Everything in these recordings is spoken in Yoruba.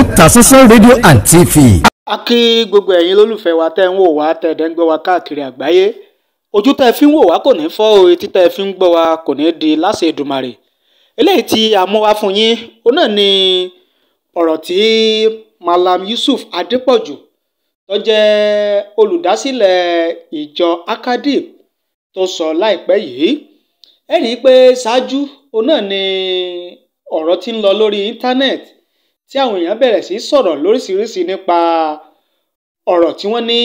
Otasansan rédíò and TV. a kí gbogbo ẹ̀yin lólùfẹ́ wa tẹ́ ń wò wá tẹ́ ẹ̀ ń wa káàkiri àgbáyé ojú tẹ́ ẹ fi ń wò wá kò ní fọ́ o etí tẹ́ ẹ fi ń gbọ́ wa kò ní di láṣẹ Èdùmàrè eléyìí tí a mú fún yín ó náà ni ọ̀rọ̀ tí Malam Yusuf Adépọ̀jù tó jẹ́ olùdásílẹ̀ ìjọ akadip tó sọ láìpẹ́ yìí ẹ rí i pé ṣáájú òun náà ni ọ̀rọ̀ ti ń lọ lórí íńtánẹ́ẹ̀tì tí àwọn èèyàn bẹ̀rẹ̀ sí sọ̀rọ̀ lóríṣiríṣi nípa ọ̀rọ̀ tí wọ́n ní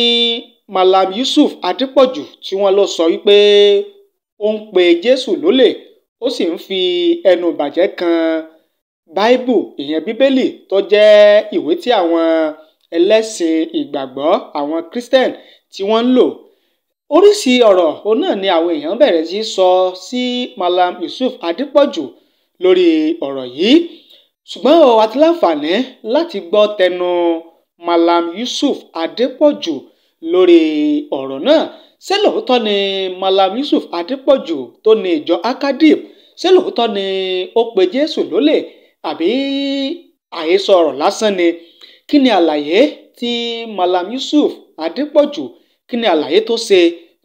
Malam Yusuf Adépọ̀jù tí wọ́n lọ sọ wípé ó ń pe Jésù lólè ó sì ń fi ẹnu bàjẹ́ kan báíbù ìyẹn bíbélì tó jẹ́ ìwé tí àwọn ẹlẹ́sìn ìgbàgbọ́ àwọn Christian tí wọ́n ń lò oríṣi ọ̀rọ̀ òun náà ni àwọn èèyàn bẹ̀rẹ̀ sí sọ sí Malam Yusuf Adépọ̀jù lórí ọ̀rọ̀ yìí ṣùgbọ́n o a ti láǹfààní láti gbọ́ tẹnu Malam Yusuf adepoju lórí ọ̀rọ̀ náà ṣé lóòótọ́ ni Malam Yusuf adepoju tó ní ìjọ ACADIP ṣé lóòótọ́ ni ó pe Jésù lólè àbí àhesọ ọ̀rọ̀ lásán ni kí ni àlàyé tí Malam Yusuf adepoju kí ni àlàyé tó ṣe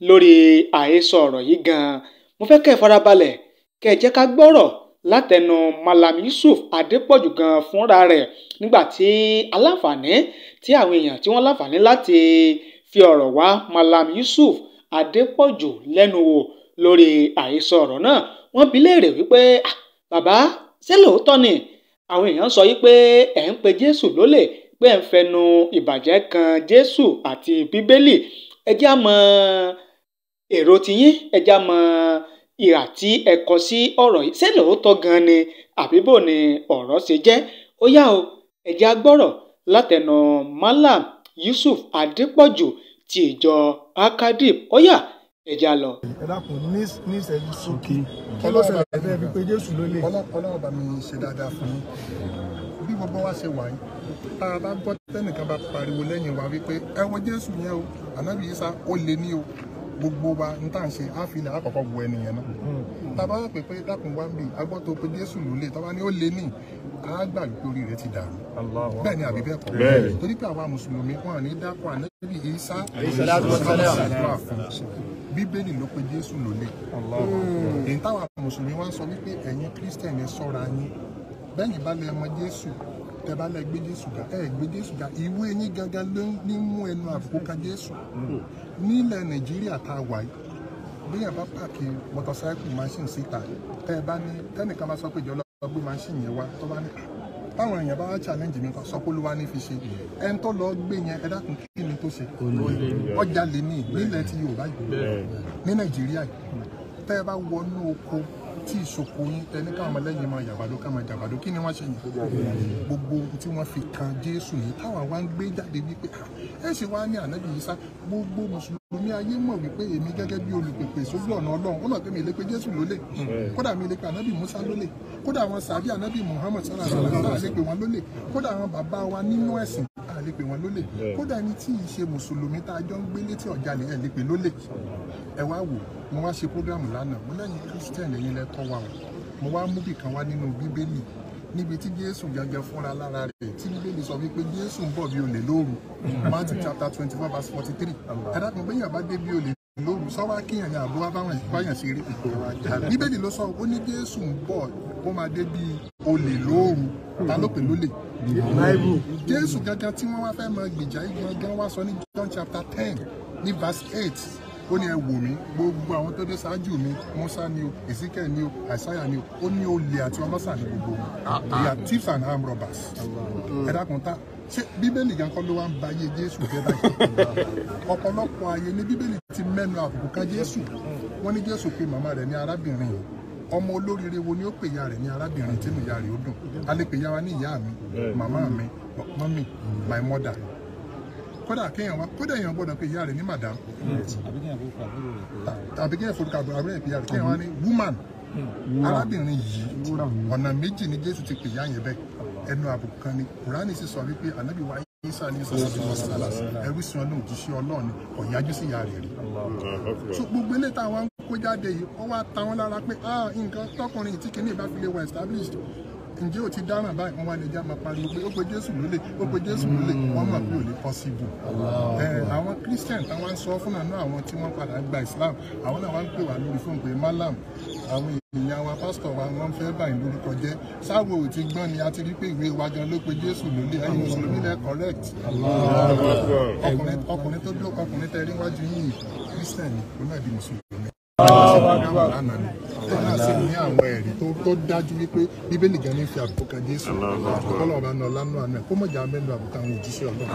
lórí àhesọ ọ̀rọ̀ yìí gan-an mo fẹ́ kẹ́ ẹ farabalẹ̀ kẹ́ ẹ jẹ́ ká gbọ́rọ̀ látẹnu Malam Yusuf Adépọ̀jù gan fúnra rẹ̀ nígbà tí aláǹfààní tí àwọn èèyàn tí wọ́n láǹfààní láti fi ọ̀rọ̀ wá Malam Yusuf Adépọ̀jù lẹ́nu wò lórí àhesọ ọ̀rọ̀ náà wọ́n bi léèrè wípé bàbá ṣé lóòótọ́ ni àwọn èèyàn sọ yí pé ẹ̀ ń pe Jésù lólè pé ẹ̀ ń fẹnu ìbàjẹ́ kan Jésù àti Bíbélì ẹ já mọ èrò tiyín ẹ já mọ ìhà tí ẹ kọ sí ọ̀rọ̀ yìí ṣé lóòótọ́ gan-an ni àbíbò ni ọ̀rọ̀ ṣe jẹ́ ó yá o ẹ jẹ́ á gbọ́rọ̀ látẹnu Malam Yusuf Adépọ̀jù ti ìjọ Akadip ó yá ẹ lọ. ẹ dákun ní ní ìṣẹ́jú sókè kí ló ṣẹlẹ̀ bẹ́ẹ̀ bí pé Jésù ló lè. ọlọ́run bá mi ṣe dáadáa fún mi bí gbogbo wa ṣe wà yìí tá a bá gbọ́ tẹ́nìkan bá pariwo lẹ́yìn wa wípé ẹ Jésù yẹn o ànábìyí sá ó o gbogbo wa n tá à ń ṣe á fi ilẹ̀ àkọ́kọ́ wo ẹni yẹn náà tábà wà pé pé dákun wá ń bì agbọ́ tó pé Jésù ló lè tábà ní ó lé ní á gbà pé orí rẹ̀ ti dàrú bẹ́ẹ̀ ni àbí bẹ́ẹ̀ kọ́ torí pé àwa mùsùlùmí wọn ní dákun ànábì Ìsá àdúrà fún bíbélì ló pé Jésù ló lè èyí táwa mùsùlùmí wá ń sọ wípé ẹ̀yin kírísítẹ̀nì ṣọ́ra yín bẹ́ẹ̀ ni bá lè mọ Jésù tẹ́ bá lẹ gbé Jésù ga ẹ gbé Jésù ga ìwé yín gangan ló ní mú ẹnu àbùkù ka Jésù hmm. nílẹ̀ Nàìjíríà tá a wà yìí bíyàn bá pààkì mọ́tọ́sáìkù máṣíìnì síta tẹ́ ẹ bá ní tẹ́nìkan bá sọ pé ìjọba gbé máṣíìnì yẹn wá tó bá ní táwọn èèyàn bá wá challenge mi kan sọ pé olúwa ní fi ṣe hmm. ẹni tó lọ gbé yẹn ẹ dákun kí ni tó ṣe ọjà lè ní nílẹ̀ ti Yorùbá yìí ní Nàìjíríà yìí tẹ́ ẹ bá wọnú oko tí ìṣòkò yín tẹ ní káwọn ọmọlẹ́yìn máa yàgbàdo ká máa kí ni wọ́n ṣe yìí gbogbo ohun tí wọ́n fi kan Jésù yìí táwọn wá ń gbé jáde wípé ah, ẹ sì wá ní ànábì Ìsá gbogbo mùsùlùmí ilé ayé mọ̀ wípé èmi gẹ́gẹ́ bí olùpèpè sójú ọ̀nà ọlọ́run ó mọ̀ pé mi lè pe jésù lólè kódà mi lè pe ànábì musa lólè kódà àwọn sàbí ànábì muhammed sallallahu alaihi wasallam àlè pé wọn lólè kódà àwọn bàbá wa nínú ẹ̀sìn àlè pé wọn lólè kódà ẹni tí ì ṣe mùsùlùmí tá a jọ ń gbé létí ọ̀jà lè ẹ̀ lè pè lólè ẹ wá wò mo wá ṣe prógráàmù lánàá mo lẹ́yìn christian ẹ̀yin lẹ́tọ́ wa o mo wá mú bìkan wá nínú bíbélì níbi tí jésù gangan fúnra lára rẹ̀ tí bíbélì sọ wípé jésù ń bọ̀ bí olè lóru matthew chapter twenty four verse forty three ẹ̀dá kan bẹ́yìn àbá dé bí olè lóru sọ́wọ́ akíyàn ni àbúrò báyàn ṣe rí bíbélì ló sọ ó ní jésù ń bọ̀ ó máa dé bí olè lóru ta ló pè lólè jésù gangan tí wọ́n wá fẹ́ mọ gbìjà igun gan wá sọ ní john chapter ten ní verse eight ó ní ẹ wò mí gbogbo àwọn tó dé ṣáájú mi Musa ni o Ezekiel ni o Isaiah ni o ó ní olè àti ọmọọ̀sà ní gbogbo wọn ah, ah. they are thieves and armed robbers ẹ dákun ṣé bíbélì gan kọ́ ló wá ń ba ayé Jésù jẹ́ báyìí ọ̀pọ̀lọpọ̀ ayé ni bíbélì ti mẹ́nu àbùkù kan Jésù wọ́n ní Jésù pé màmá rẹ̀ ní arábìnrin yìí ọmọ olóríire wo ni ó pè ya rẹ̀ ní arábìnrin tínú ìyá rẹ̀ ó dùn a pè ya wa ní ìyá mi màmá mi mọ́mì my mother kódà kéèyàn wá kódà èèyàn gbọ́dọ̀ pé ìyá rẹ̀ ní madam tàbí kéèyàn forúkọ àbúrò ẹ̀ pé ìyá rẹ̀ kéèyàn wá ní woman hmm. arábìnrin yìí ọ̀nà méjì ni jésù ti pè ìyá yẹn bẹ́ẹ̀ ẹnu àbùkù kan ni kùránì sì sọ wípé ànábì wa isa ní sọ sọsọ mọsálà ẹrú sí ọlọ́run òjíṣẹ́ ọlọ́run kò sí ìyá rẹ̀ rí so gbogbo ilé táwọn kó jáde yìí ó wá lára pé ah, nǹkan tọkùnrin tí kìíní fi lè wà established ǹjẹ́ o ti dáràn báyìí wọ́n wá lè já máa pariwo pé ó pe jésù lólè ó pe jésù lólè wọ́n mọ̀ pé ò lè possible. àwọn christian táwọn ń sọ fún àná àwọn tí wọ́n padà gba islam àwọn náà wá ń pè wá lórí fóun pé malam àwọn èèyàn wa pásítọ̀ wa wọ́n fẹ́ báyìí lórúkọ jẹ́ sáwo ò ti gbọ́n ni a ti rí pé ìwé wa ló pe jésù lólè ẹ̀yin mùsùlùmí lẹ́ correct. ọkùnrin tó dúró ọkùnrin tẹ́ yìí christian ni ó náà di mùsùlùmí àwọn náà sì ní àwọn ẹ̀rí tó dájú wípé bíbélì gan ní fi àbùkù kan Jésù ọlọ́ọ̀bá náà lánàá kó mọ̀jà mẹ́nu àbùkù àwọn òjíṣẹ́ ọlọ́run